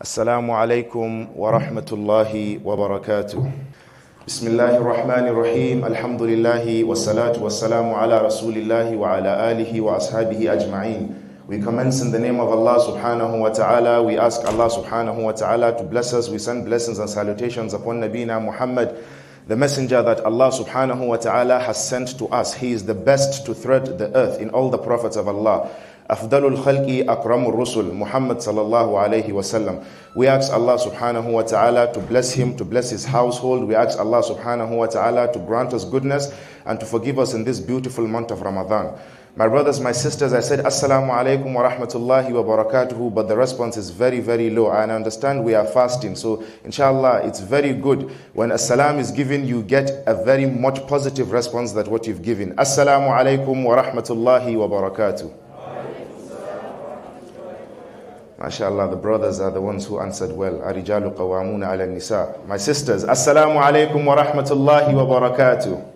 السلام عليكم ورحمة الله وبركاته بسم الله الرحمن الرحيم الحمد لله والصلاة والسلام على رسول الله وعلى آله وأصحابه أجمعين We commence in the name of Allah subhanahu wa ta'ala. We ask Allah subhanahu wa ta'ala to bless us. We send blessings and salutations upon Nabina Muhammad, the messenger that Allah subhanahu wa ta'ala has sent to us. He is the best to thread the earth in all the prophets of Allah. الخلق أكرم الرسل محمد صلى الله عليه وسلم. We ask Allah subhanahu wa ta'ala to bless him, to bless his household. We ask Allah subhanahu wa ta'ala to grant us goodness and to forgive us in this beautiful month of Ramadan. My brothers, my sisters, I said Assalamu alaikum wa rahmatullahi wa barakatuhu, but the response is very, very low. And I understand we are fasting, so inshallah, it's very good. When assalam is given, you get a very much positive response that what you've given. Assalamu alaikum wa rahmatullahi wa barakatuhu. MashaAllah, the brothers are the ones who answered well. Arijalu qawamuna ala nisa. My sisters, Assalamu alaykum wa rahmatullahi wa barakatuh.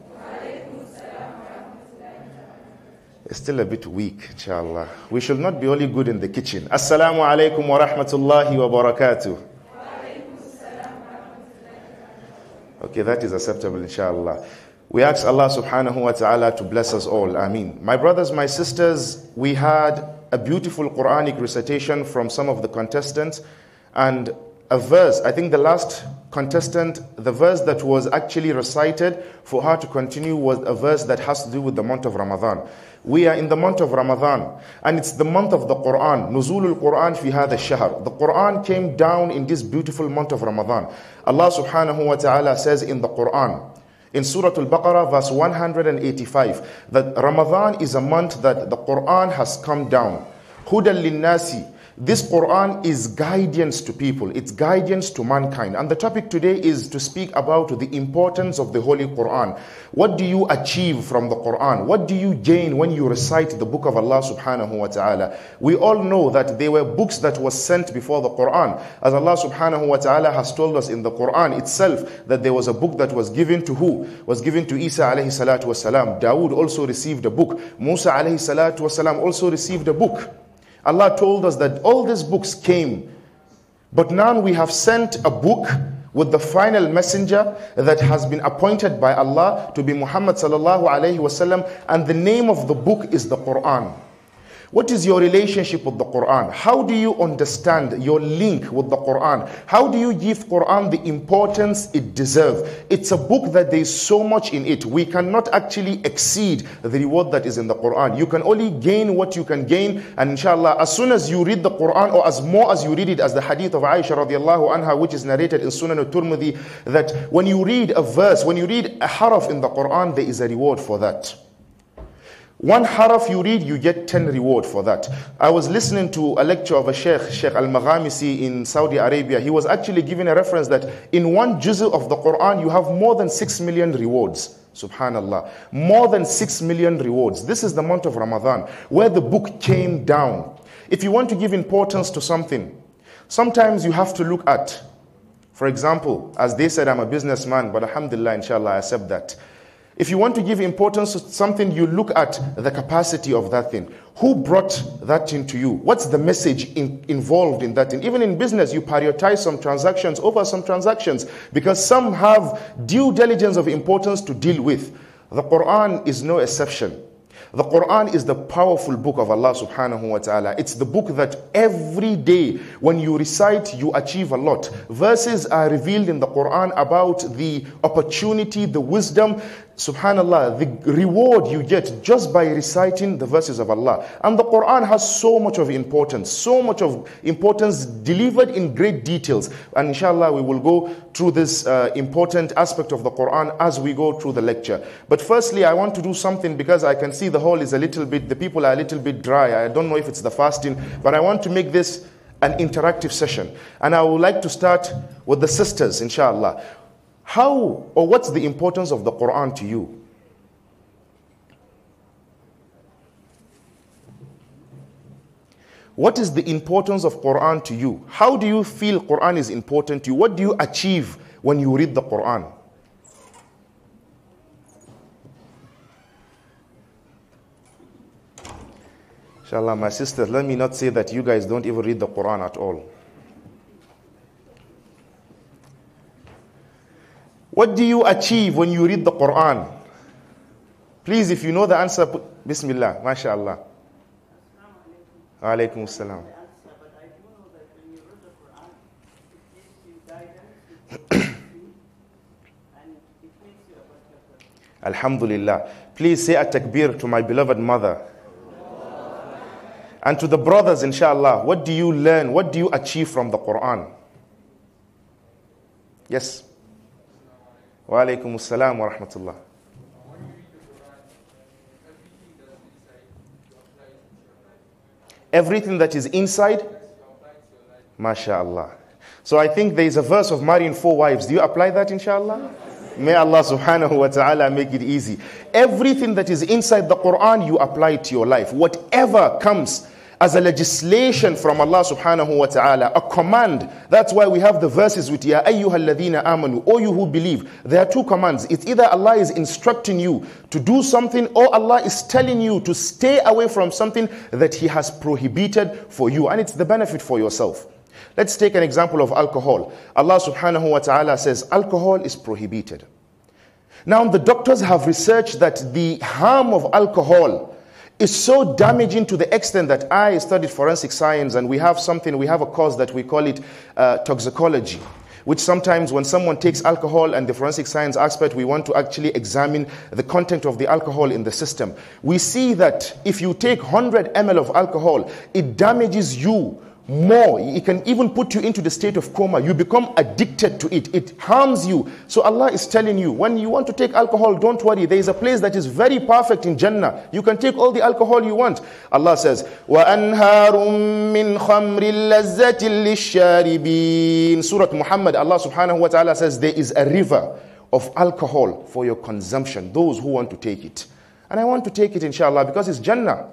It's still a bit weak, inshallah. We should not be only good in the kitchen. Assalamu alaykum wa rahmatullahi wa barakatuh. Okay, that is acceptable, inshallah. We ask Allah subhanahu wa ta'ala to bless us all. Ameen. My brothers, my sisters, we had a beautiful Quranic recitation from some of the contestants, and a verse. I think the last contestant, the verse that was actually recited for her to continue was a verse that has to do with the month of Ramadan. We are in the month of Ramadan, and it's the month of the Quran. Nuzulul Quran fi hadha shahr. The Quran came down in this beautiful month of Ramadan. Allah subhanahu wa ta'ala says in the Quran, in Surah Al Baqarah, verse 185, that Ramadan is a month that the Quran has come down. Hudan linnasi, this Quran is guidance to people, it's guidance to mankind. And the topic today is to speak about the importance of the Holy Quran. What do you achieve from the Quran? What do you gain when you recite the book of Allah subhanahu wa ta'ala? We all know that there were books that were sent before the Quran. As Allah subhanahu wa ta'ala has told us in the Quran itself that there was a book that was given to who? Was given to Isa alayhi salatu wasalam. Dawood also received a book. Musa alayhi salatu wasalam also received a book. Allah told us that all these books came, but now we have sent a book with the final messenger that has been appointed by Allah to be Muhammad sallallahu alaihi wasallam, and the name of the book is the Quran. What is your relationship with the Quran? How do you understand your link with the Quran? How do you give Quran the importance it deserves? It's a book that there is so much in it. We cannot actually exceed the reward that is in the Quran. You can only gain what you can gain. And inshallah, as soon as you read the Quran or as more as you read it, as the hadith of Aisha radiallahu anha, which is narrated in Sunan al-Turmudi, that when you read a verse, when you read a harf in the Quran, there is a reward for that. One haraf you read, you get 10 reward for that. I was listening to a lecture of a sheikh, Sheikh Al-Maghamisi in Saudi Arabia. He was actually giving a reference that in one juz of the Quran, you have more than 6 million rewards. Subhanallah. More than 6 million rewards. This is the month of Ramadan, where the book came down. If you want to give importance to something, sometimes you have to look at, for example, as they said, I'm a businessman, but alhamdulillah, inshallah, I accept that. If you want to give importance to something, you look at the capacity of that thing. Who brought that thing to you? What's the message in, involved in that thing? Even in business, you prioritize some transactions over some transactions because some have due diligence of importance to deal with. The Quran is no exception. The Quran is the powerful book of Allah subhanahu wa ta'ala. It's the book that every day when you recite, you achieve a lot. Verses are revealed in the Quran about the opportunity, the wisdom, subhanallah, the reward you get just by reciting the verses of Allah. And the Quran has so much of importance, so much of importance delivered in great details. And inshallah, we will go through this uh, important aspect of the Quran as we go through the lecture. But firstly, I want to do something because I can see the hall is a little bit, the people are a little bit dry. I don't know if it's the fasting, but I want to make this an interactive session. And I would like to start with the sisters, inshallah how or what's the importance of the Quran to you? What is the importance of Quran to you? How do you feel Quran is important to you? What do you achieve when you read the Quran? Inshallah, my sisters, let me not say that you guys don't even read the Quran at all. What do you achieve when you read the Quran? Please, if you know the answer, Bismillah, mashallah. Alaykum Salam. Alhamdulillah. Please say a takbir to my beloved mother. And to the brothers, inshallah, what do you learn? What do you achieve from the Quran? Yes. Wa alaikum assalam wa rahmatullah. Everything that is inside, mashallah. So I think there is a verse of marrying four wives. Do you apply that, inshallah? May Allah subhanahu wa ta'ala make it easy. Everything that is inside the Quran, you apply to your life. Whatever comes as a legislation from Allah subhanahu wa ta'ala, a command. That's why we have the verses with Ya ayyuhalladhina amanu, O you who believe. There are two commands. It's either Allah is instructing you to do something, or Allah is telling you to stay away from something that He has prohibited for you. And it's the benefit for yourself. Let's take an example of alcohol. Allah subhanahu wa ta'ala says, alcohol is prohibited. Now, the doctors have researched that the harm of alcohol is so damaging to the extent that I studied forensic science and we have something, we have a course that we call it uh, toxicology which sometimes when someone takes alcohol and the forensic science aspect, we want to actually examine the content of the alcohol in the system. We see that if you take 100 ml of alcohol, it damages you more. It can even put you into the state of coma. You become addicted to it. It harms you. So Allah is telling you, when you want to take alcohol, don't worry. There is a place that is very perfect in Jannah. You can take all the alcohol you want. Allah says, وَأَنْهَارٌ مِّنْ خَمْرِ لَزَّةٍ لِلشَّارِبِينَ Surah Muhammad, Allah subhanahu wa ta'ala says, there is a river of alcohol for your consumption, those who want to take it. And I want to take it inshallah because it's Jannah.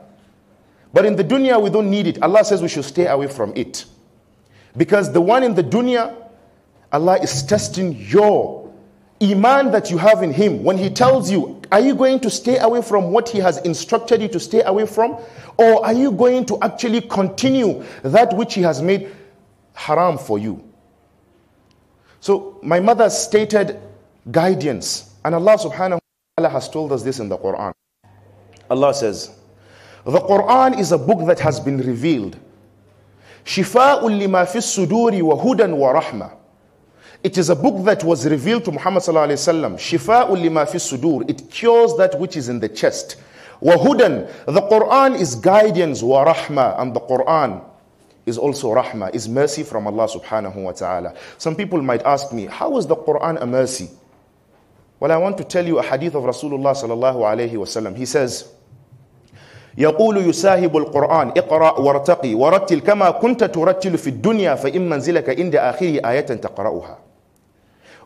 But in the dunya, we don't need it. Allah says we should stay away from it. Because the one in the dunya, Allah is testing your iman that you have in Him. When He tells you, are you going to stay away from what He has instructed you to stay away from? Or are you going to actually continue that which He has made haram for you? So, my mother stated guidance. And Allah subhanahu wa ta'ala has told us this in the Quran. Allah says, the Quran is a book that has been revealed. fi suduri wa hudan wa rahma. It is a book that was revealed to Muhammad sallallahu alayhi wa sallam. شِفَاءٌ لِمَا فِي It cures that which is in the chest. Wa hudan. The Quran is guidance, Wa rahma. And the Quran is also rahma. is mercy from Allah subhanahu wa ta'ala. Some people might ask me, how is the Quran a mercy? Well, I want to tell you a hadith of Rasulullah sallallahu alayhi wa sallam. He says, يقول يساهب القرآن اقرأ وارتقي ورتل كما كنت ترتل في الدنيا فإن منزلك عند آخره آية تقرأها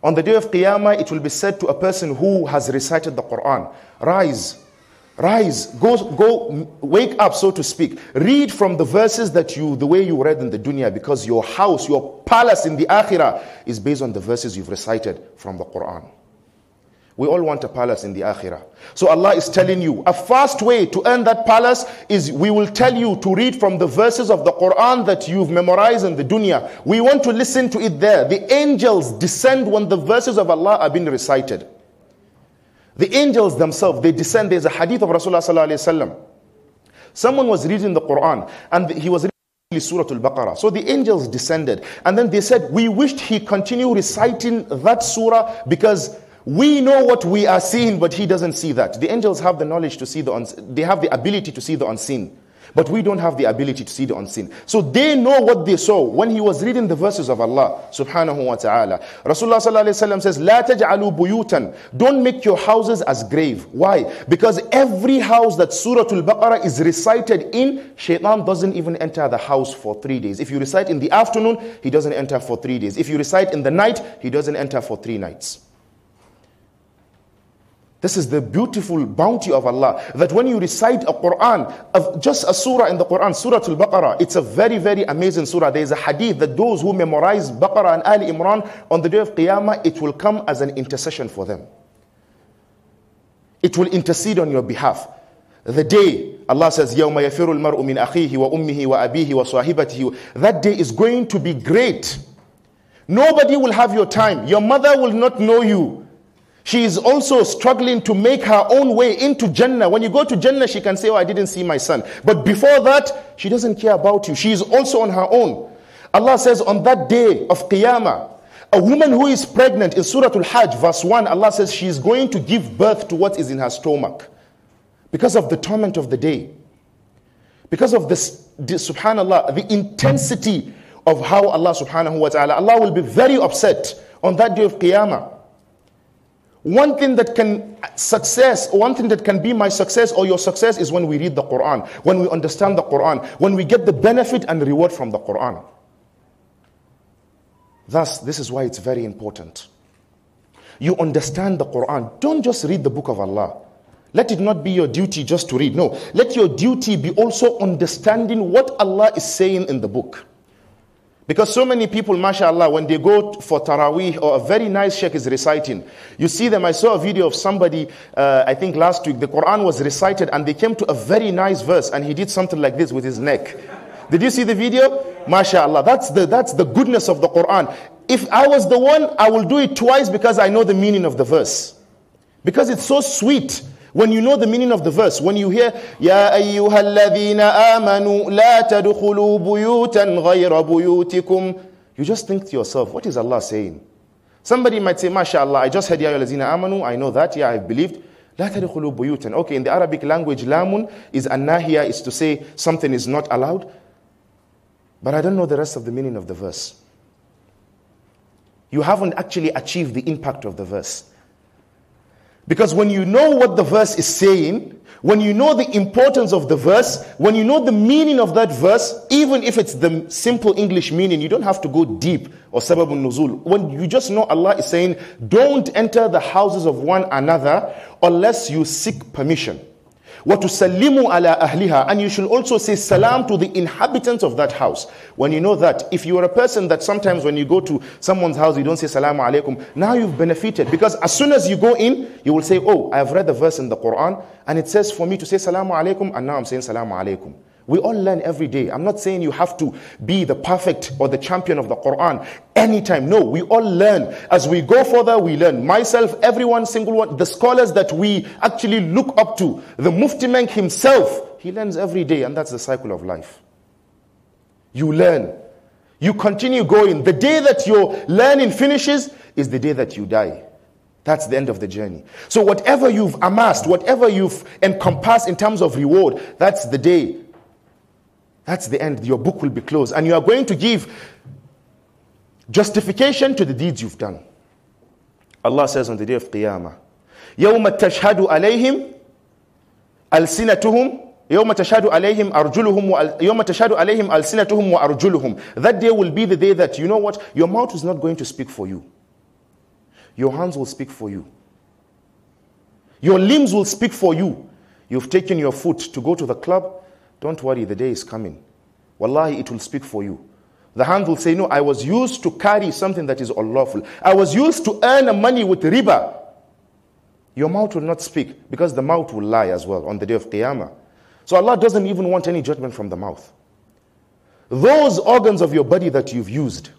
On the day of Qiyamah, it will be said to a person who has recited the Quran, Rise, rise, go, go, wake up, so to speak. Read from the verses that you, the way you read in the dunya, because your house, your palace in the akhirah is based on the verses you've recited from the Quran. We all want a palace in the Akhirah. So Allah is telling you a fast way to earn that palace is we will tell you to read from the verses of the Quran that you've memorized in the dunya. We want to listen to it there. The angels descend when the verses of Allah are being recited. The angels themselves, they descend. There's a hadith of Rasulullah. Someone was reading the Quran and he was reading Surah Al Baqarah. So the angels descended and then they said, We wished he continue reciting that surah because we know what we are seeing, but he doesn't see that. The angels have the knowledge to see the unseen. They have the ability to see the unseen. But we don't have the ability to see the unseen. So they know what they saw when he was reading the verses of Allah subhanahu wa ta'ala. Rasulullah sallallahu says, La taj'alu buyutan. Don't make your houses as grave. Why? Because every house that Surah Al-Baqarah is recited in, shaitan doesn't even enter the house for three days. If you recite in the afternoon, he doesn't enter for three days. If you recite in the night, he doesn't enter for three nights. This is the beautiful bounty of Allah that when you recite a Quran, of just a surah in the Quran, Surah Al Baqarah, it's a very, very amazing surah. There is a hadith that those who memorize Baqarah and Ali Imran on the day of Qiyamah, it will come as an intercession for them. It will intercede on your behalf. The day Allah says, يَوْمَ يَفِرُ الْمَرْءُ مِنْ أَخِيهِ وَأُمِّهِ وَأَبِيهِ وَصَاحِبَتِهِ That day is going to be great. Nobody will have your time. Your mother will not know you. She is also struggling to make her own way into Jannah. When you go to Jannah, she can say, Oh, I didn't see my son. But before that, she doesn't care about you. She is also on her own. Allah says, On that day of Qiyamah, a woman who is pregnant in Surah Al Hajj, verse 1, Allah says she is going to give birth to what is in her stomach because of the torment of the day. Because of this, this subhanAllah, the intensity of how Allah subhanahu wa ta'ala, Allah will be very upset on that day of Qiyamah. One thing that can success, one thing that can be my success or your success is when we read the Quran, when we understand the Quran, when we get the benefit and reward from the Quran. Thus, this is why it's very important. You understand the Quran. Don't just read the book of Allah. Let it not be your duty just to read. No, let your duty be also understanding what Allah is saying in the book. Because so many people, mashallah, when they go for Taraweeh or a very nice sheikh is reciting, you see them. I saw a video of somebody, uh, I think last week, the Quran was recited and they came to a very nice verse and he did something like this with his neck. Did you see the video? Mashallah. That's the, that's the goodness of the Quran. If I was the one, I will do it twice because I know the meaning of the verse. Because it's so sweet. When you know the meaning of the verse, when you hear, Ya ayyuhal ladhina amanu la tadkhulu buyutan ghayra buyutikum, you just think to yourself, what is Allah saying? Somebody might say, MashaAllah, I just heard Ya ayyuhal amanu, I know that, yeah, I've believed. لا تدخلوا بيوتا. Okay, in the Arabic language, lamun is anahia, is to say something is not allowed. But I don't know the rest of the meaning of the verse. You haven't actually achieved the impact of the verse. Because when you know what the verse is saying, when you know the importance of the verse, when you know the meaning of that verse, even if it's the simple English meaning, you don't have to go deep or sababun nuzul. When you just know Allah is saying, don't enter the houses of one another unless you seek permission. وَتُسَلِّمُوا عَلَىٰ أَهْلِهَا And you should also say salam to the inhabitants of that house. When you know that, if you are a person that sometimes when you go to someone's house, you don't say salam alaykum, now you've benefited. Because as soon as you go in, you will say, oh, I have read the verse in the Quran, and it says for me to say salam alaykum, and now I'm saying salam alaykum. We all learn every day. I'm not saying you have to be the perfect or the champion of the Quran anytime. No, we all learn. As we go further, we learn. Myself, everyone, single one, the scholars that we actually look up to, the Mufti Menk himself, he learns every day, and that's the cycle of life. You learn. You continue going. The day that your learning finishes is the day that you die. That's the end of the journey. So, whatever you've amassed, whatever you've encompassed in terms of reward, that's the day that's the end. Your book will be closed. And you are going to give justification to the deeds you've done. Allah says on the day of Qiyamah, يَوْمَ تَشْهَدُ عَلَيْهِمْ أَلْسِنَتُهُمْ يوم تشهد عليهم أرجلهم يوم تشهد عليهم ألسنتهم وأرجلهم That day will be the day that you know what your mouth is not going to speak for you. Your hands will speak for you. Your limbs will speak for you. You've taken your foot to go to the club, don't worry, the day is coming. Wallahi, it will speak for you. The hand will say, No, I was used to carry something that is unlawful. I was used to earn money with riba. Your mouth will not speak because the mouth will lie as well on the day of Qiyamah. So Allah doesn't even want any judgment from the mouth. Those organs of your body that you've used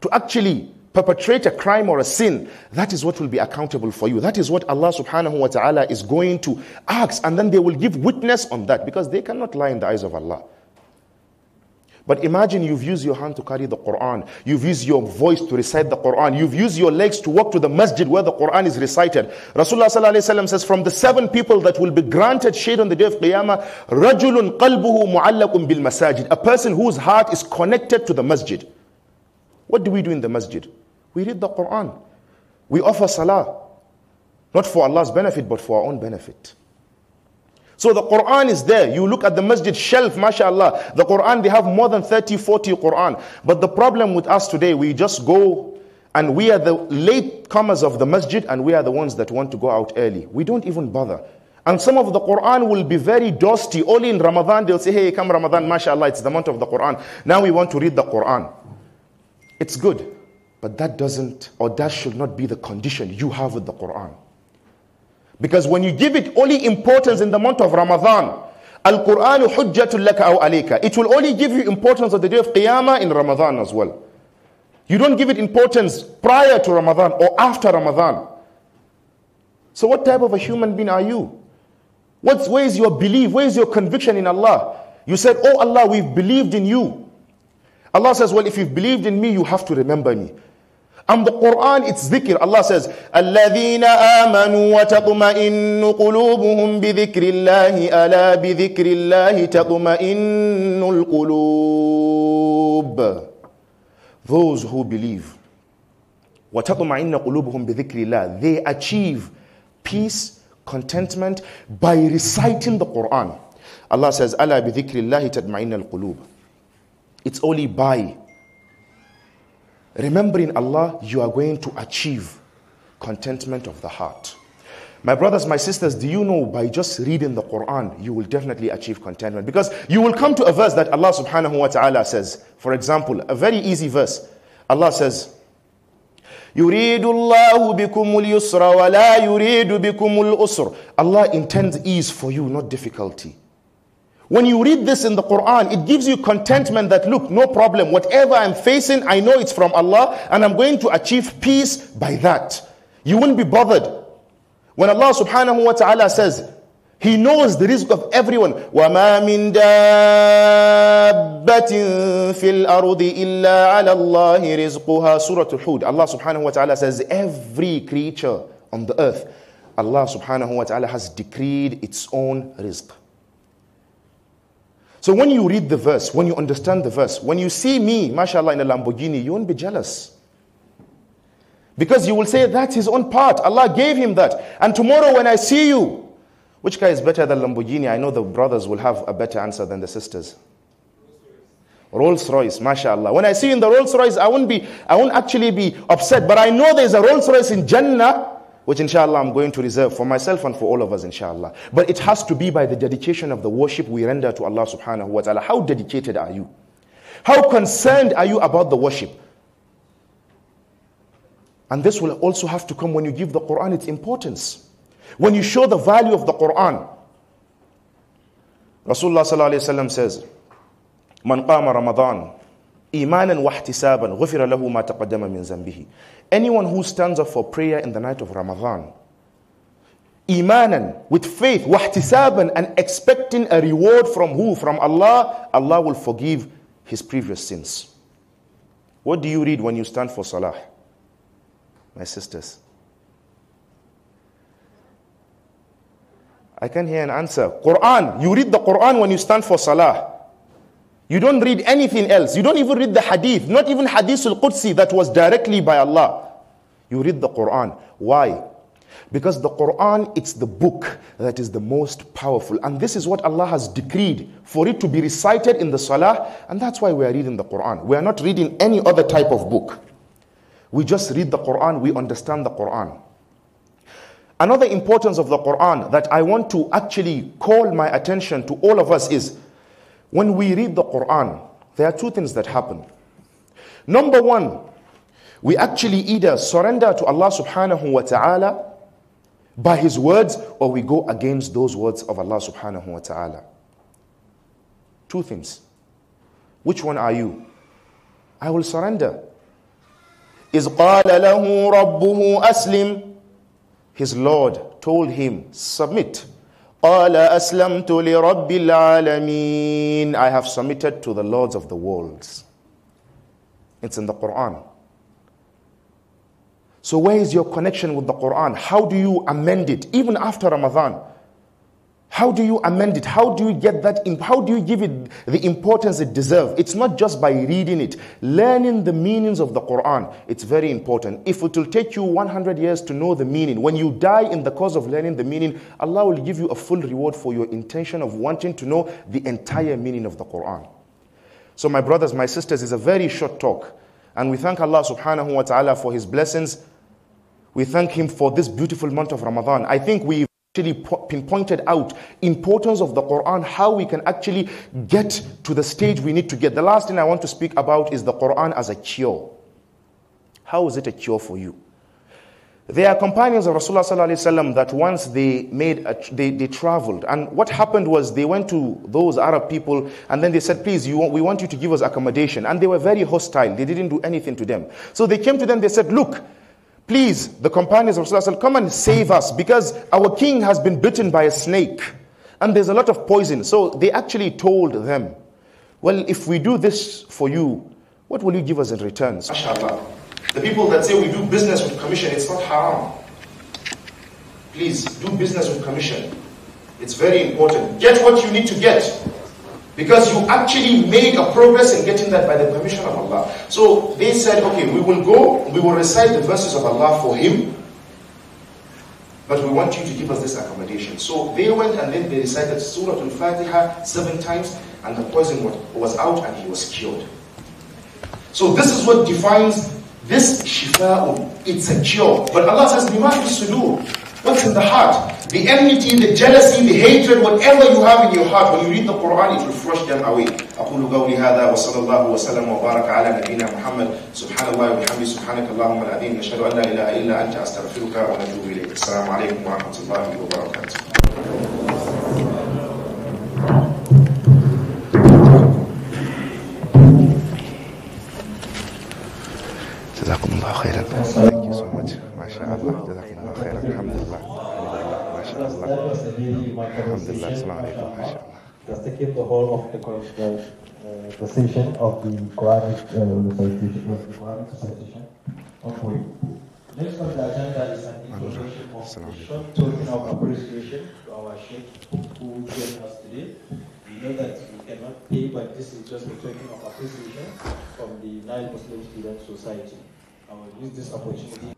to actually perpetrate a crime or a sin, that is what will be accountable for you. That is what Allah subhanahu wa ta'ala is going to ask. And then they will give witness on that because they cannot lie in the eyes of Allah. But imagine you've used your hand to carry the Quran. You've used your voice to recite the Quran. You've used your legs to walk to the masjid where the Quran is recited. Rasulullah says, from the seven people that will be granted shade on the day of Qiyamah, رَجُلٌ mu'allakum bil masjid A person whose heart is connected to the masjid. What do we do in the masjid? We read the Quran. We offer salah. Not for Allah's benefit, but for our own benefit. So the Quran is there. You look at the masjid shelf, mashallah. The Quran, they have more than 30, 40 Quran. But the problem with us today, we just go and we are the late comers of the masjid and we are the ones that want to go out early. We don't even bother. And some of the Quran will be very dusty. Only in Ramadan, they'll say, hey, come Ramadan, mashallah, it's the month of the Quran. Now we want to read the Quran. It's good. But that doesn't, or that should not be the condition you have with the Quran. Because when you give it only importance in the month of Ramadan, Al Quran hujjatul laka It will only give you importance of the day of Qiyamah in Ramadan as well. You don't give it importance prior to Ramadan or after Ramadan. So, what type of a human being are you? What's, where is your belief? Where is your conviction in Allah? You said, Oh Allah, we've believed in you. Allah says, Well, if you've believed in me, you have to remember me. And the Quran, it's dhikr. Allah says, الَّذِينَ آمَنُوا وَتَطْمَئِنُّ قُلُوبُهُمْ بِذِكْرِ اللَّهِ أَلَا بِذِكْرِ اللَّهِ تَطْمَئِنُّ الْقُلُوبُ Those who believe, وَتَطْمَئِنَّ قُلُوبُهُمْ بِذِكْرِ اللَّهِ They achieve peace, contentment by reciting the Quran. Allah says, أَلَا بِذِكْرِ اللَّهِ تَطْمَئِنَّ الْقُلُوبُ It's only by remembering Allah, you are going to achieve contentment of the heart. My brothers, my sisters, do you know by just reading the Quran, you will definitely achieve contentment? Because you will come to a verse that Allah subhanahu wa ta'ala says. For example, a very easy verse. Allah says, يريد الله بكم اليسر ولا يريد بكم الأسر. Allah intends ease for you, not difficulty. When you read this in the Quran, it gives you contentment that, look, no problem. Whatever I'm facing, I know it's from Allah and I'm going to achieve peace by that. You won't be bothered. When Allah subhanahu wa ta'ala says, He knows the risk of everyone. وَمَا مِن دَابَّةٍ فِي الْأَرْضِ إِلَّا عَلَى اللَّهِ رِزْقُهَا Surah Al-Hud. Allah subhanahu wa ta'ala says, every creature on the earth, Allah subhanahu wa ta'ala has decreed its own rizq. So when you read the verse, when you understand the verse, when you see me, mashallah, in a Lamborghini, you won't be jealous. Because you will say, that's his own part. Allah gave him that. And tomorrow when I see you, which car is better than Lamborghini? I know the brothers will have a better answer than the sisters. Rolls Royce, mashallah. When I see you in the Rolls Royce, I won't be, I won't actually be upset, but I know there's a Rolls Royce in Jannah which inshallah I'm going to reserve for myself and for all of us inshallah. But it has to be by the dedication of the worship we render to Allah subhanahu wa ta'ala. How dedicated are you? How concerned are you about the worship? And this will also have to come when you give the Quran its importance. When you show the value of the Quran. Rasulullah says, Man qama Ramadan imanan wahtisaban ghufira lahu ma taqaddama min zambihi anyone who stands up for prayer in the night of ramadan imanan with faith wahtisaban and expecting a reward from who from allah allah will forgive his previous sins what do you read when you stand for salah my sisters i can hear an answer quran you read the quran when you stand for salah you don't read anything else. You don't even read the hadith, not even hadith al Qudsi that was directly by Allah. You read the Quran. Why? Because the Quran, it's the book that is the most powerful. And this is what Allah has decreed for it to be recited in the Salah. And that's why we are reading the Quran. We are not reading any other type of book. We just read the Quran, we understand the Quran. Another importance of the Quran that I want to actually call my attention to all of us is when we read the Quran, there are two things that happen. Number one, we actually either surrender to Allah subhanahu wa ta'ala by His words or we go against those words of Allah subhanahu wa ta'ala. Two things. Which one are you? I will surrender. إذ قال له ربه أسلم His Lord told him, submit. قال أسلمت لرب العالمين I have submitted to the lords of the worlds. It's in the Quran. So where is your connection with the Quran? How do you amend it even after Ramadan? How do you amend it? How do you get that? Imp- how do you give it the importance it deserves? It's not just by reading it. Learning the meanings of the Quran, it's very important. If it will take you 100 years to know the meaning, when you die in the course of learning the meaning, Allah will give you a full reward for your intention of wanting to know the entire meaning of the Quran. So, my brothers, my sisters, it's a very short talk. And we thank Allah subhanahu wa ta'ala for His blessings. We thank Him for this beautiful month of Ramadan. I think we actually pinpointed out importance of the Quran, how we can actually get to the stage we need to get. The last thing I want to speak about is the Quran as a cure. How is it a cure for you? There are companions of Rasulullah that once they made a, they, they traveled and what happened was they went to those Arab people and then they said please we want you to give us accommodation and they were very hostile they didn't do anything to them so they came to them they said look Please, the companions of Rasulullah, come and save us because our king has been bitten by a snake and there's a lot of poison. So they actually told them, Well, if we do this for you, what will you give us in return? The people that say we do business with commission, it's not haram. Please, do business with commission. It's very important. Get what you need to get. Because you actually made a progress in getting that by the permission of Allah. So they said, okay, we will go, we will recite the verses of Allah for him, but we want you to give us this accommodation. So they went and then they recited Surah Al-Fatiha seven times, and the poison was out and he was cured. So this is what defines this shifa'un. It's a cure. But Allah says, بِمَا تُسْلُونَ What's in the heart? The enmity, the jealousy, the hatred, whatever you have in your heart, when you read the Quran, it will flush them away. أقول قولي هذا وصلى الله وسلم وبارك على نبينا محمد سبحان الله وبحمده سبحانك اللهم العظيم نشهد أن لا إله إلا أنت أستغفرك ونتوب إليك السلام عليكم ورحمة الله وبركاته Alhamdulillah, Assalamu alaikum. Tasakir the whole of the, the, uh, of the Quranic uh, Next on the agenda is an introduction of a short token of appreciation to our Sheikh who joined us today. We know that we cannot pay, but this is just a token of appreciation from the Nile Muslim Student Society. I will use this opportunity